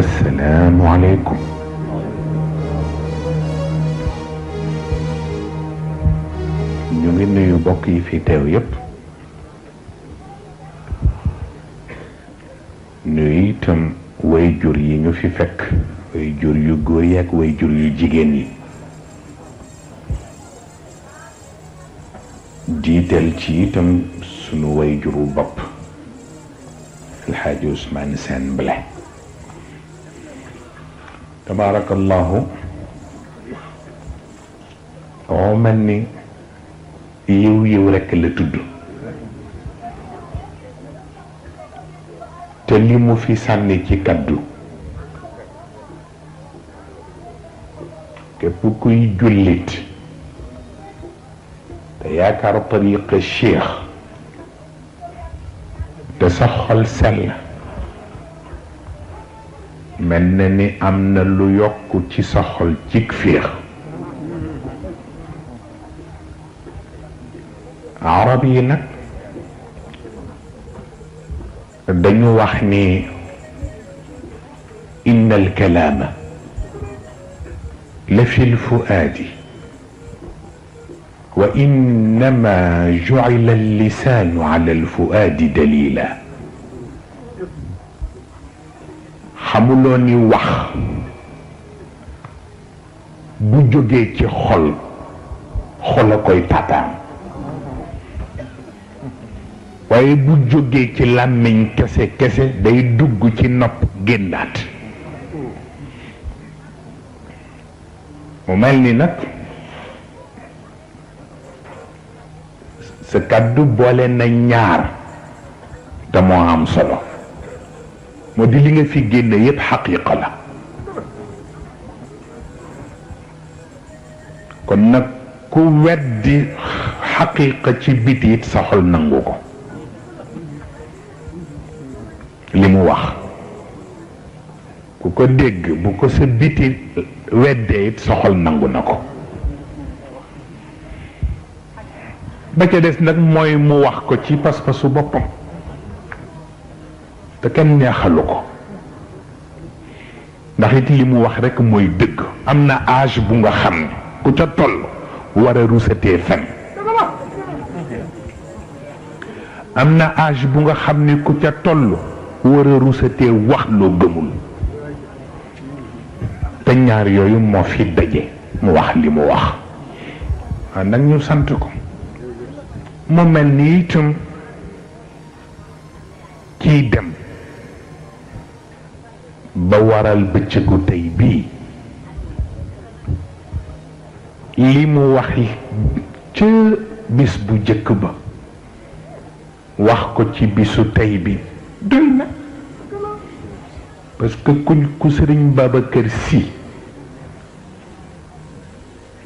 السلام عليكم يمكن يبقي في تغيب نيتم ويجور ينو في فك ويجور يغوياك ويجور يجيجيني ديتل تيتم سنو ويجور باب الحاج عثمان سان بلاد تبارك الله ومن يو يو لك اللي تدو تلي في ساني كي كدو كبكوي جلت تياكار طريق الشيخ تسخل سله mel amna lu yokku ci sa xol cig féex arab yi dañu wax ni inna alkalaama la fi lfuaadi wa innama jucila allisaanu ala alfuaadi dalila xamuloo ni wax bu jógee ci xol xol a koy taataan waaye bu jógee ci làmmiñ kese kese day dugg ci nopp génnaat mu mel ni nag sa kàddu boole na ñaar te moo am solo moo di li nga fi génne yépp xaqiqa la kon nag ku weddi xaqiqa ci biti it sa xol nangu ko li mu wax ku ko dégg bu ko sa biti weddee it sa xol nangu na ko ba ca des nag mooy mu wax ko ci pas-pasu boppam te kenn neexalu ko ndax it li mu wax rekk mooy dëgg am na âge bu nga xam ne ku ca toll war a rusatee fen am na age bu nga xam ni ku ca toll war a rusatee wax loo gëmul te ñaar yooyu moo fi daje mu wax li mu wax waaw nag ñu sant ko mu mel ni itam kiy dem ba waral bëccëgu tey bii li mu waxi ca bis bu jëkk ba wax ko ci bisu tey bi doy na parce que kuñ ku sëriñ Babacar Si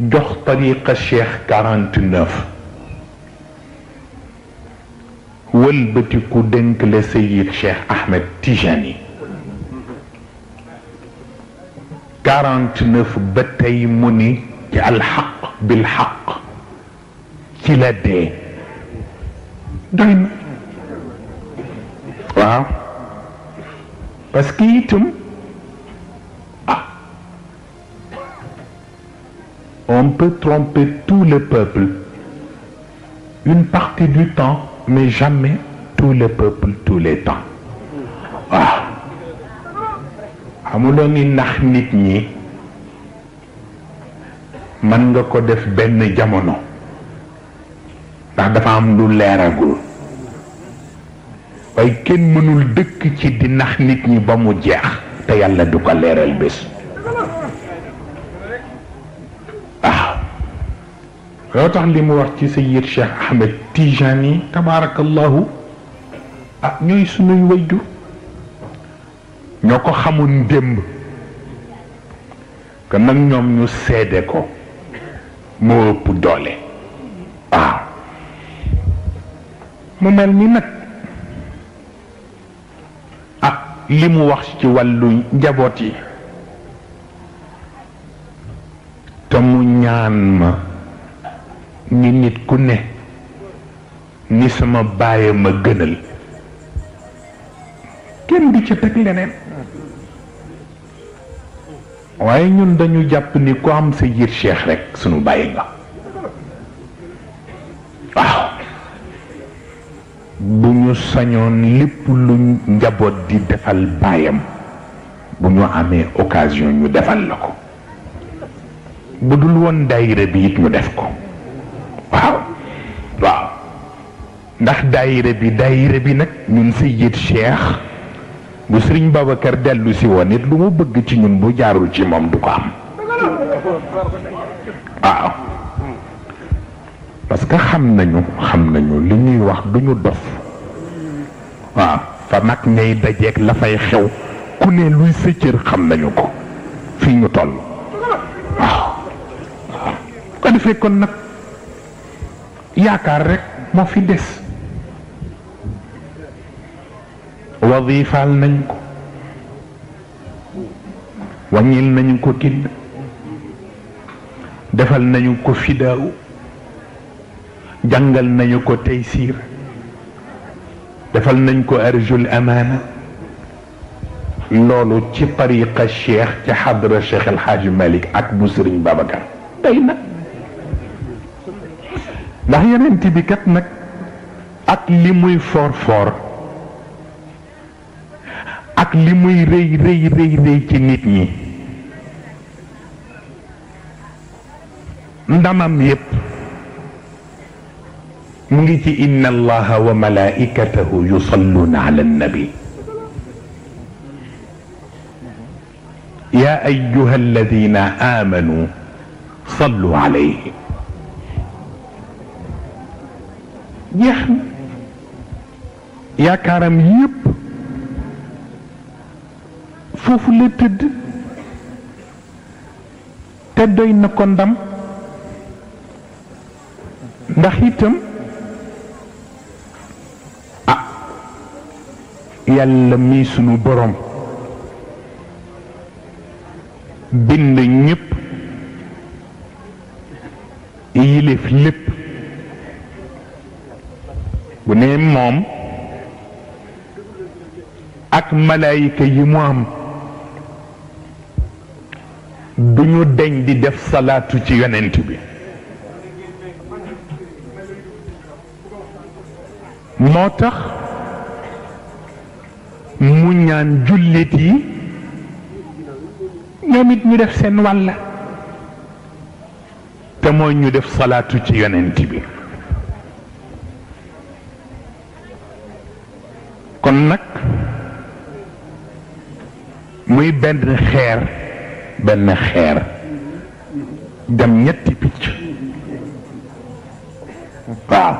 jox tariqa cheikh quarante neuf wëlbatiku dénk la sayid cheikh Ahmed Tijani 49 batailles, qui mu al le bil haq ci la dee parce que tombent ah, on peut tromper tous les peuples une partie du temps mais jamais tous les peuples tous les temps xamuloo ni nax nit ñi mën nga ko def benn jamono ndax dafa am lu leeragul waaye kenn mënul dëkk ci di nax nit ñi ba mu jeex te yàlla du ko leeral bés waaw loo tax li mu wax ci Sayyid Cheikh Ahmed Tijani tabarakallahu ah ñooy sunuy wayjur ñoo ko xamoon démb kon nag ñoom ñu seede ko moo ëpp doole waaw ah. mu mel ni nag ak ah, li mu wax ci wàllu njaboot yi te mu ñaan ma ni nit ku ne ni sama bàyyi ma gënal kenn waaye ñun dañu jàpp ni ku am sa yir cheikh sunu bàyyi nga waaw bu ñu sañoon lépp lu njaboot di defal baayam bu ñu amee occasion ñu defal la ko bu dul woon daayira bi it ñu def ko waaw waaw ndax daayira bi daayira bi nag ñun sa yir cheikh bu sëriñ Babacar dellu si woon it lu mu bëgg ci ñun bu jaarul ci moom du ko am waaw parce que xam nañu xam nañu li ñuy wax duñu dof waaw fa nag ñay dajeeg la fay xew ku ne luy sa cër xam nañu ko fii ñu toll waaw waaw ko defee kon nag yaakaar rek moo fi des وظيفة المنكو ونيل منكو كد دفل منكو فداو جنجل منكو تيسير دفل منكو أرجو الأمانة لولو تي طريق الشيخ تي حضر الشيخ الحاج مالك اك بوسرين بابكار تاينا لا هي انت بكتنك اك فور فور ak li muy rëy rëy rëy rëy ci nit ñi ndamam yépp mu ngi ci inna allaha wa malaikatahu yusalluna ala annabi يا ايها الذين امنوا صلوا عليه يا يا كرم يب foofu la tëdd te doy na ko ndam ndax itam ah yàlla mii sunu borom bind ñépp yilif lépp bu ne moom ak malaayika yi mu am du ñu deñ di def salaatu ci yonent bi moo tax mu ñaan jullit yi ñoom it ñu def seen wàlla te mooy ñu def salaatu ci yonent bi kon nag muy benn xeer benn xeer dem ñetti picc waaw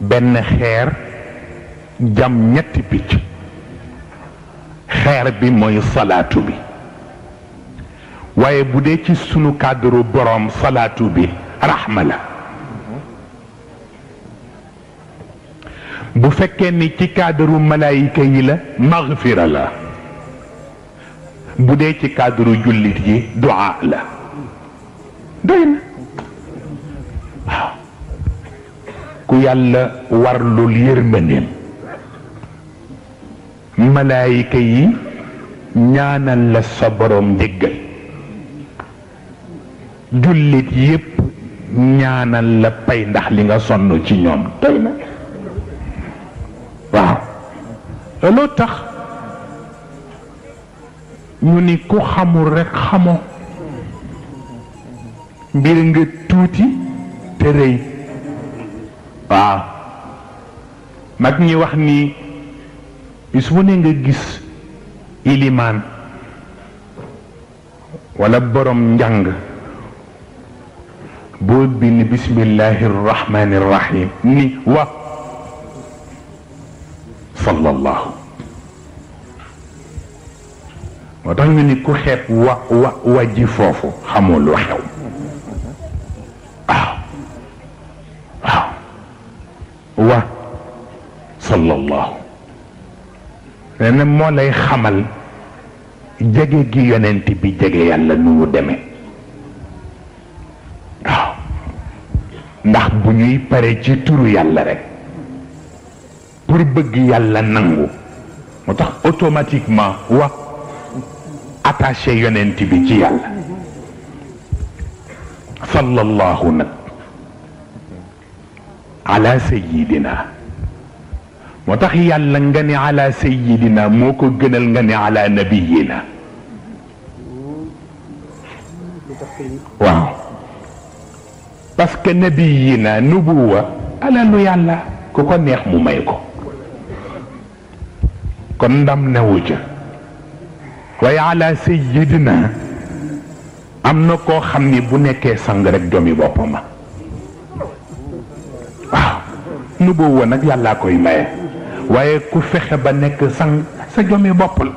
benn xeer jam ñetti picc xeer bi mooy salaatu bi waaye bu dee ci sunu cadre boroom salaatu bi raxma la bu fekkee ni ci cadre malaayika yi la magfira la bu dee ci cadre jullit yi du'a la doy na waaw ku yàlla warlul yërmandeem malaayika yi ñaanal la sa borom njëggal jullit yépp ñaanal la pay ndax li nga sonn ci ñoom doy na waaw loolu tax ñu ni ku xamul rekk xamoo mbir nga tuuti te rëy waaw mag ñi wax ni su bu ne nga gis ilimaan walla borom njàng boo bi bismillahi rahmani rahim ni wa sallallahu moo tax ñu ni ku xeeb wa wa wa ji foofu xamoo lu xew waaw waaw wa sallallahu nee na moo lay xamal jege gi yonent bi jege yàlla nu mu demee waaw ndax bu ñuy pare ci turu yàlla rek pour bëgg yàlla nangu moo tax automatiquement wa attaché yonent bi ci yàlla sallallahu nag ala sayidina moo tax yàlla nga ni ala sayidina moo ko gënal nga ni ala nabiyina waaw parce que nabiyina nubuwa alalu yàlla ku ko neex mu may ko kon ndam newu ca waaye ala sayyidina amna ko xamni bu nekké sang rek domi bopama nu bo won ak yalla koy may waye ku fexe ba nekk sang sa domi bopul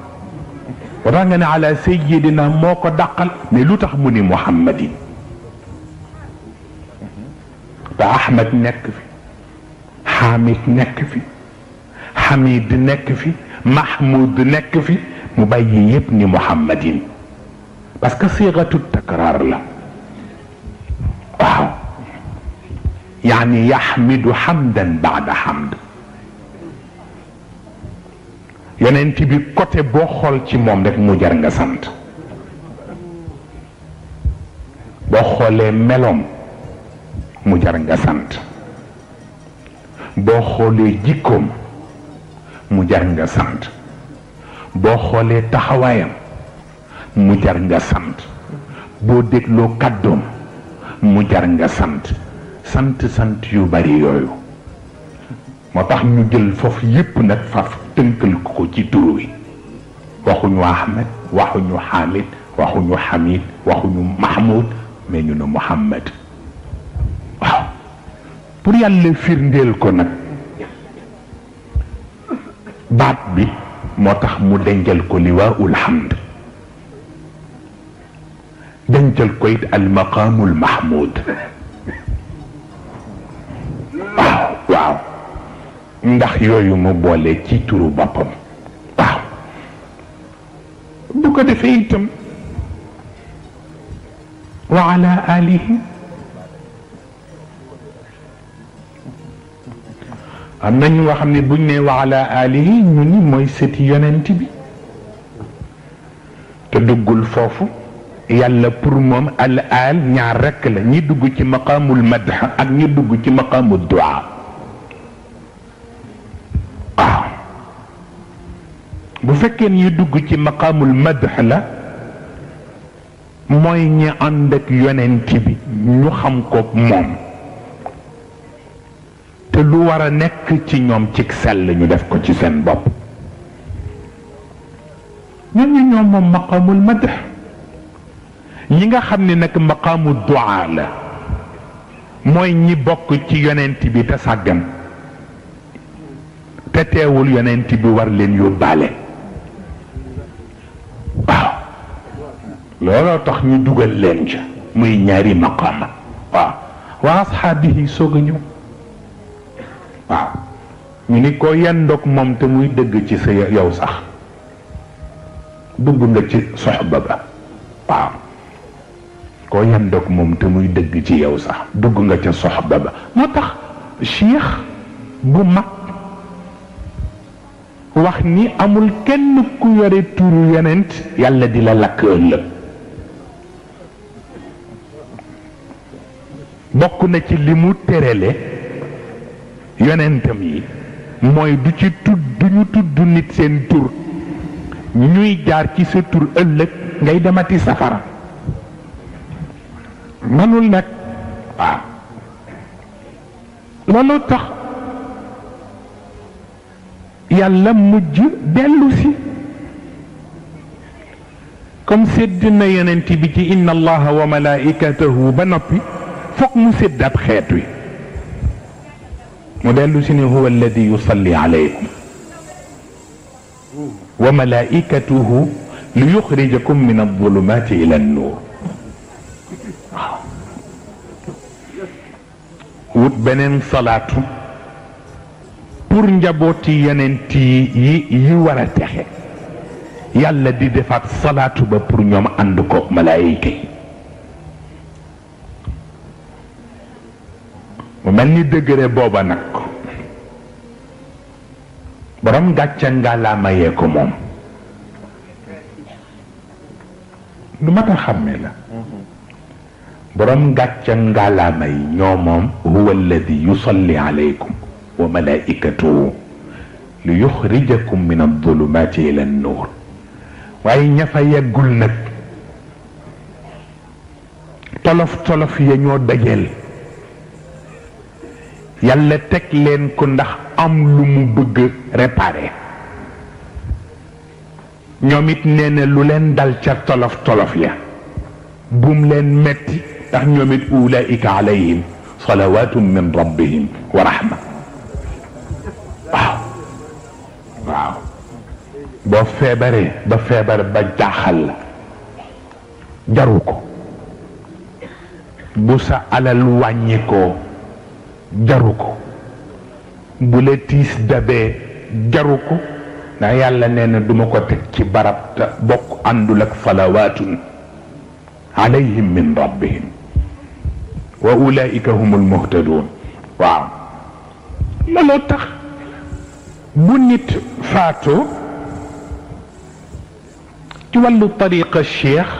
la nga ne ala sayyidina moko dakal dàqal lutax muni muhammadin ba ahmed nekk fi hamid nekk fi hamid nekk fi mahmoud nekk fi مبي ابن محمد بس كصيغة التكرار لا يعني يحمد حمدا بعد حمد يعني انت بكت بخل تي موم داك مو جار nga sant بخله ملوم مو جار nga sant بخله جيكوم مو جار nga sant boo xoolee taxawaayam mu jar nga sant bo dégloo kàddoom mu jar nga sant sant sant yu bari yoyu motax ñu jël fofu yépp nak faf teunkel ko ci duru wi waxu ñu Ahmed waxu ñu Hamid waxu ñu Hamid waxu ñu Mahmoud mais ñu no mohammed waaw pour yàlla firndel ko nak baat bi motax mu dencal ko liwaa'ul hamd dencal ko it al maqaamul mahmud waaw ndax yoyu mu bolé ci turu bopam waaw bu ko defé itam wa ala alihi am na nga xam buñ ne wa ala alihi ñu ni moy sëti yonent bi te duggul fofu yàlla pour mom al al ñaar rek la ñi dugg ci maqamul madh ak ñi dugg ci maqaamul du'a bu fekkee ñi dugg ci maqamul madh la mooy ñi ànd ak yonent bi ñu xam ko moom te lu war a nekk ci ñoom cig sell ñu def ko ci seen bopp ñun ñu ñoom moom maqaamul madax ñi nga xam ne nag maqaamu duaa la mooy ñi bokk ci yonent bi te sàggan te teewul yonent bi war leen yóbbaale waaw looloo tax ñu dugal leen ca muy ñaari maqaama waaw waa asxaabihi soog a ñëw waaw ñu ni ko yan ndog moom te muy dëgg ci sa yow sax dugg nga ci soxba ba waaw koo yan ndog moom te muy dëgg ci yow sax dugg nga ca soxba ba moo tax cheikh bu mag wax ni amul kenn ku yore turu yonent yàlla di la lakk ëllëg bokk na ci li mu terele yonentam yi mooy du ci tudd du tudd nit seen tur ñuy jaar ci sa tur ëllëg ngay demati safara manul nag waaw loolu tax yàlla mujj dellu si comme sédd na yonent bi ci inna allaha wa malaikatahu ba noppi foog mu sédd ab xeet wi mu dellu si ne huwa alladi yusalli alaykum wa malaikatuhu li yuxrijakum min adulumaati ila annuur wut beneen salaatu pour njabooti yonent yi yi war a texe yàlla di defaat salaatu ba pour ñoom ànd ko malaayika yi mu mel ni degré booba nag borom gàcce nga laa ko moom lu mat a xàmmee la borom gàcce nga laa may ñoo moom huwa alladi yusalli alaykum wa malaikatuhu li yuxrijakum min adulumaati ila annuur waaye ña fa yeggul nag tolof tolof ya ñoo dajeel yàlla tek len ko ndax am lu mu bëgg réparer ñoom it nee lu len dal ci tolof tolof ya bum len metti tax ñoom it ulaika alayhim salawatun min rabbihim wa rahma waaw waaw febaré ba febar ba jaxal la jaru ko bu sa alal wàññikoo jaruko ko bu la tiis dabee jaru ko yàlla nee duma ko tek ci barab ta bok àndul ak falawatun alayhim min rabbihim wa ulaika humul muhtadun waaw looloo tax bu nit faatoo ci walu tariqa sheikh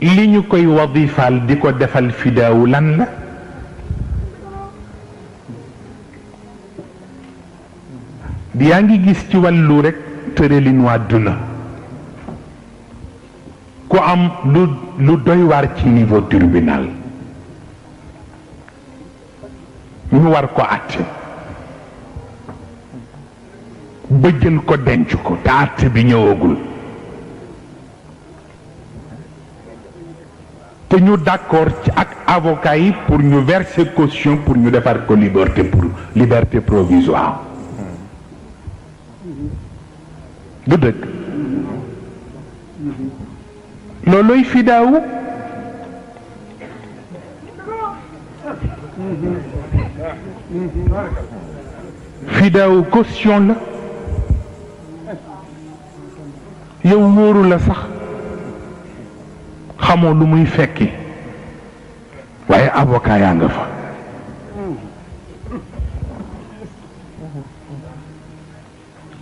li ñukoy wadifal diko defal fidaawu lan la yaa ngi gis ci wàllu rek tëralin waa duna ku am lu lu doy waar ci niveau tribunal ñu war ko àtte ba jël ko denc ko te àtte bi ñëwagul te ñu d'accord ci ak avocat yi pour ñu verser caution pour ñu defar ko liberté pour liberté provisoire du dëgg loolooy fidaawu fidaawu caution la yow wóoru la sax xamoo lu muy fekki waaye avocat nga fa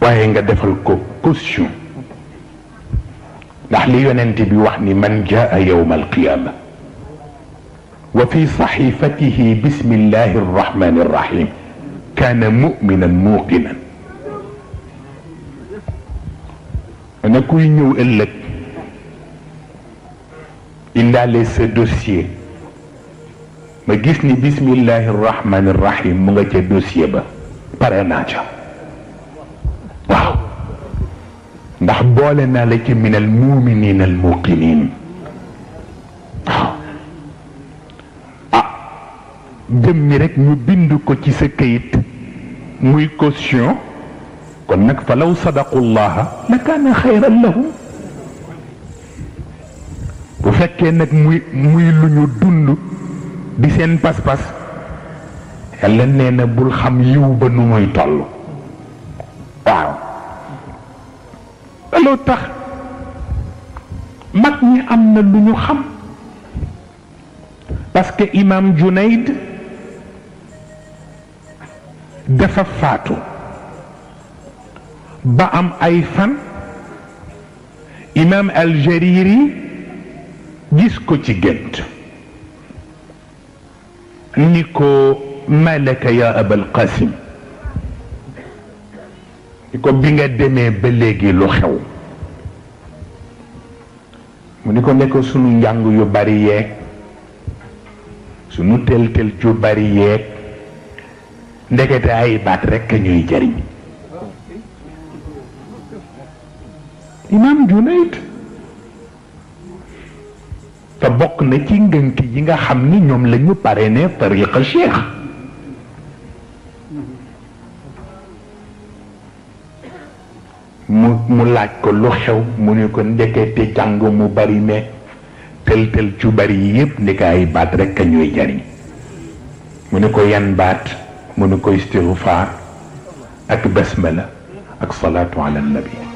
waaye nga defal ko caution ndax li yonent bi wax ni man jaa yowma alqiyaama wa fi saxifatihi bismillahi arrahmani arrahim kaana muminan muuqinan na kuy ñëw ëllëg indaale sa dossier ma gis ni bismillahi arrahmani arrahim mu nga ca dossier ba pare naa ca ndax boole na la ci min al muminin al muqinin waaw ah jëm mi rek ñu bind ko ci sa kayit muy caution kon nag fa law sadaqu llaha la kaana xayran lahum bu fekkee nag muy muy lu ñu dund di seen pas-pas yàlla nee na bul xam yiw ba nu muy toll looloo tax mag ñi am na lu ñu xam parce que imam Junayd dafa faatu ba am ay fan imam Aljariri gis ko ci gént ni ko malaka ya abal qasim ni ko bi nga demee ba léegi lu xew mu ni ko nekk sunu njàng yu bari yeeg sunu tël-tël yu bari yeeg ndekete ay baat rekk ñuy jariñ imaam Junayd te bokk na ci ngënti yi nga xam ni ñoom la ñu parrainé tariqa cheikh mu mu laaj ko lu xew mu ne ko ndekete jàng mu bari me tël tël ci bari yi yépp ndeke ay baat rek a ñuy jariñ mu ne ko yan baat mu ne ko istixfaar ak besmela ak salaatu ala nabi